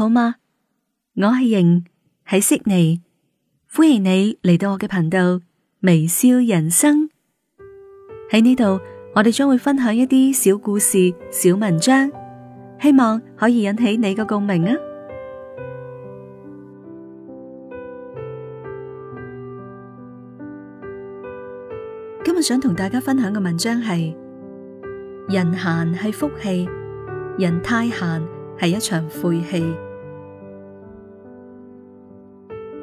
好嗎？我係瑩，喺悉尼，歡迎你嚟到我嘅頻道微笑人生。喺呢度，我哋將會分享一啲小故事、小文章，希望可以引起你嘅共鳴啊！今日想同大家分享嘅文章係：人閒係福氣，人太閒係一場晦氣。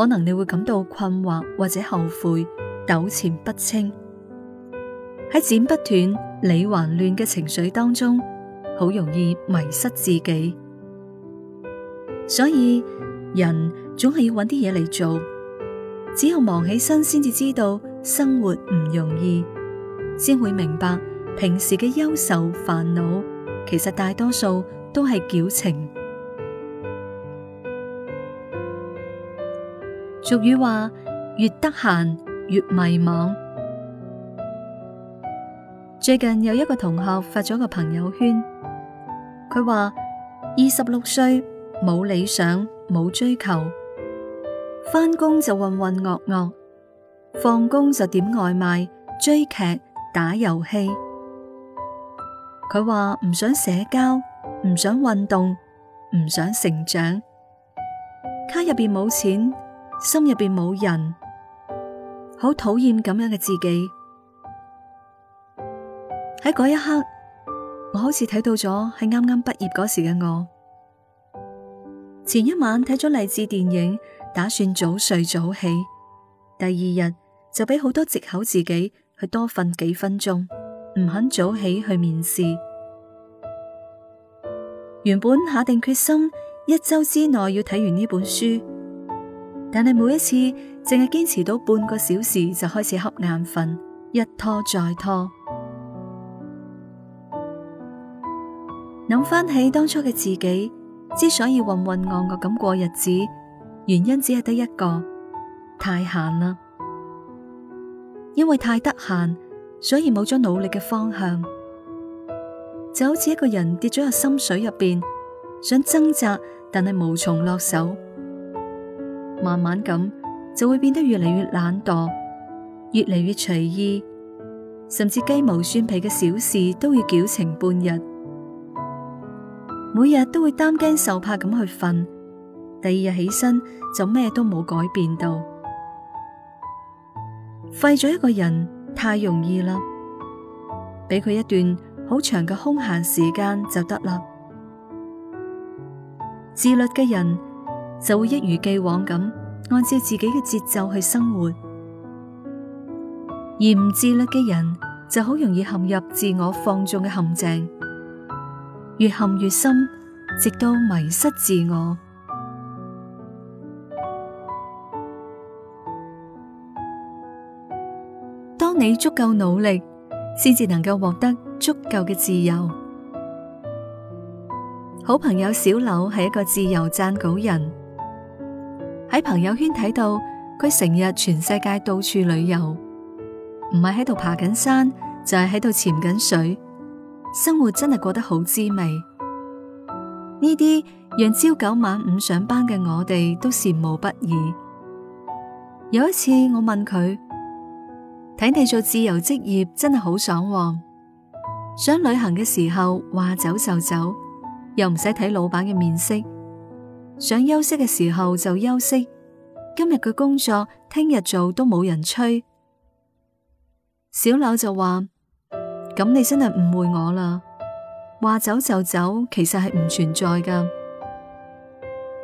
可能你會感到困惑或者後悔，糾纏不清，喺剪不斷、理還亂嘅情緒當中，好容易迷失自己。所以人總係要搵啲嘢嚟做，只有忙起身先至知道生活唔容易，先會明白平時嘅憂愁煩惱，其實大多數都係矯情。俗語話，越得閒越迷茫。最近有一個同學發咗個朋友圈，佢話二十六歲冇理想冇追求，返工就渾渾噩噩，放工就點外賣、追劇、打遊戲。佢話唔想社交，唔想運動，唔想成長，卡入邊冇錢，心入邊冇人，好討厭咁樣嘅自己。喺嗰一刻，我好似睇到咗係啱啱畢業嗰時嘅我。前一晚睇咗勵志電影，打算早睡早起，第二日就俾好多借口自己去多瞓幾分鐘，唔肯早起去面試。原本下定決心，一周之內要睇完呢本書。但係每一次淨係堅持到半個小時就開始瞌眼瞓，一拖再拖。諗翻起當初嘅自己，之所以渾渾噩噩咁過日子，原因只係得一個，太閒啦。因為太得閒，所以冇咗努力嘅方向，就好似一個人跌咗入深水入邊，想掙扎，但係無從落手。慢慢咁就會變得越嚟越懶惰，越嚟越隨意，甚至雞毛蒜皮嘅小事都要矯情半日。每日都會擔驚受怕咁去瞓，第二日起身就咩都冇改變到。廢咗一個人太容易啦，俾佢一段好長嘅空閒時間就得啦。自律嘅人，就會一如既往咁按照自己嘅節奏去生活，而唔自律嘅人就好容易陷入自我放縱嘅陷阱，越陷越深，直到迷失自我。當你足夠努力，先至能夠獲得足夠嘅自由。好朋友小柳係一個自由撰稿人。喺朋友圈睇到佢成日全世界到處旅遊，唔係喺度爬緊山，就係喺度潛緊水，生活真係過得好滋味。呢啲讓朝九晚五上班嘅我哋都羨慕不已。有一次我問佢，睇你做自由職業真係好爽喎，想旅行嘅時候話走就走，又唔使睇老闆嘅面色。想休息嘅時候就休息，今日嘅工作聽日做都冇人催。小柳就話：咁你真係誤會我啦，話走就走，其實係唔存在噶。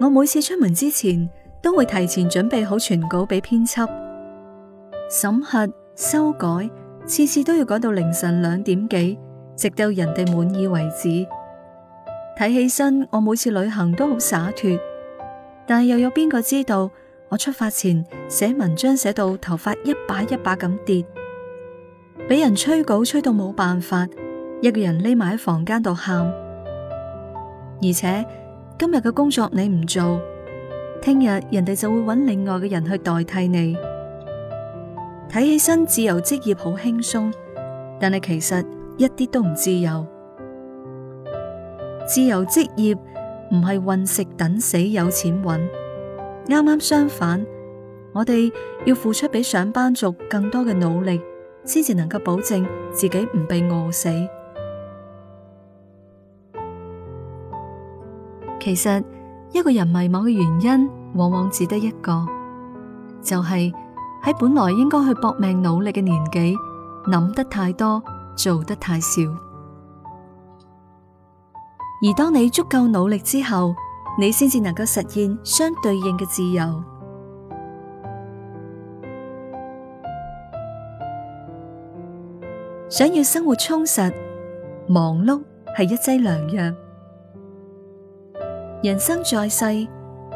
我每次出門之前都會提前準備好全稿俾編輯審核、修改，次次都要改到凌晨兩點幾，直到人哋滿意為止。睇起身，我每次旅行都好灑脫，但係又有邊個知道我出發前寫文章寫到頭髮一把一把咁跌，俾人催稿催到冇辦法，一個人匿埋喺房間度喊。而且今日嘅工作你唔做，聽日人哋就會揾另外嘅人去代替你。睇起身自由職業好輕鬆，但係其實一啲都唔自由。自由職業唔係混食等死，有錢揾，啱啱相反，我哋要付出比上班族更多嘅努力，先至能夠保證自己唔被餓死。其實一個人迷茫嘅原因，往往只得一個，就係喺本來應該去搏命努力嘅年紀，諗得太多，做得太少。而當你足夠努力之後，你先至能夠實現相對應嘅自由。想要生活充實，忙碌係一劑良藥。人生在世，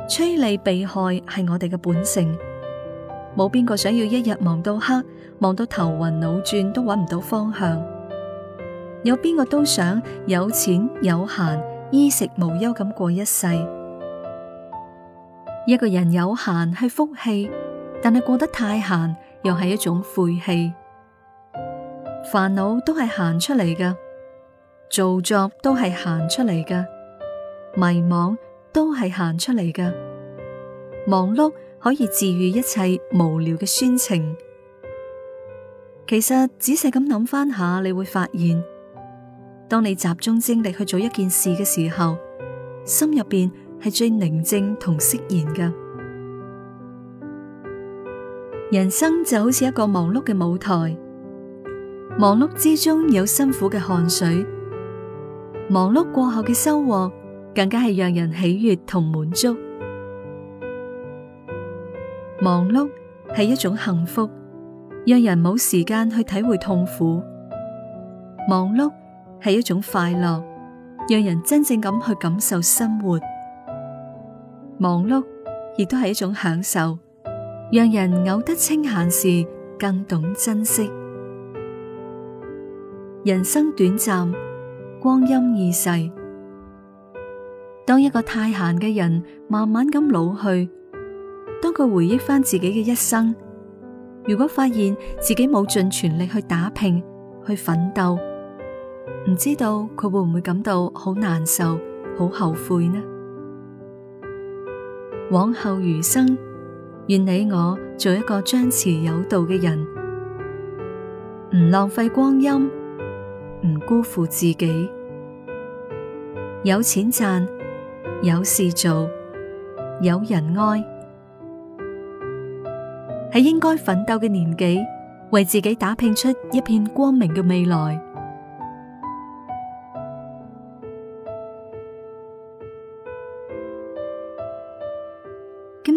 趨利避害係我哋嘅本性。冇邊個想要一日忙到黑，忙到頭暈腦轉，都揾唔到方向。有邊個都想有錢有閒，衣食無憂咁過一世。一個人有閒係福氣，但係過得太閒又係一種晦氣。煩惱都係閒出嚟噶，做作都係閒出嚟噶，迷茫都係閒出嚟噶。忙碌可以治癒一切無聊嘅酸情。其實仔細咁諗翻下，你會發現。當你集中精力去做一件事嘅時候，心入邊係最寧靜同釋然嘅。人生就好似一個忙碌嘅舞台，忙碌之中有辛苦嘅汗水，忙碌過後嘅收穫更加係讓人喜悅同滿足。忙碌係一種幸福，讓人冇時間去體會痛苦。忙碌。係一種快樂，讓人真正咁去感受生活。忙碌亦都係一種享受，讓人偶得清閒時更懂珍惜。人生短暫，光陰易逝。當一個太閒嘅人慢慢咁老去，當佢回憶翻自己嘅一生，如果發現自己冇盡全力去打拼、去奮鬥。唔知道佢會唔會感到好難受、好後悔呢？往後餘生，願你我做一個張弛有道嘅人，唔浪費光陰，唔辜負自己，有錢賺，有事做，有人愛，喺應該奮鬥嘅年紀，為自己打拼出一片光明嘅未來。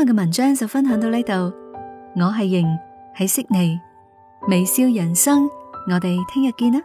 嘅文章就分享到呢度，我係瑩，係悉尼微笑人生，我哋聽日見啦。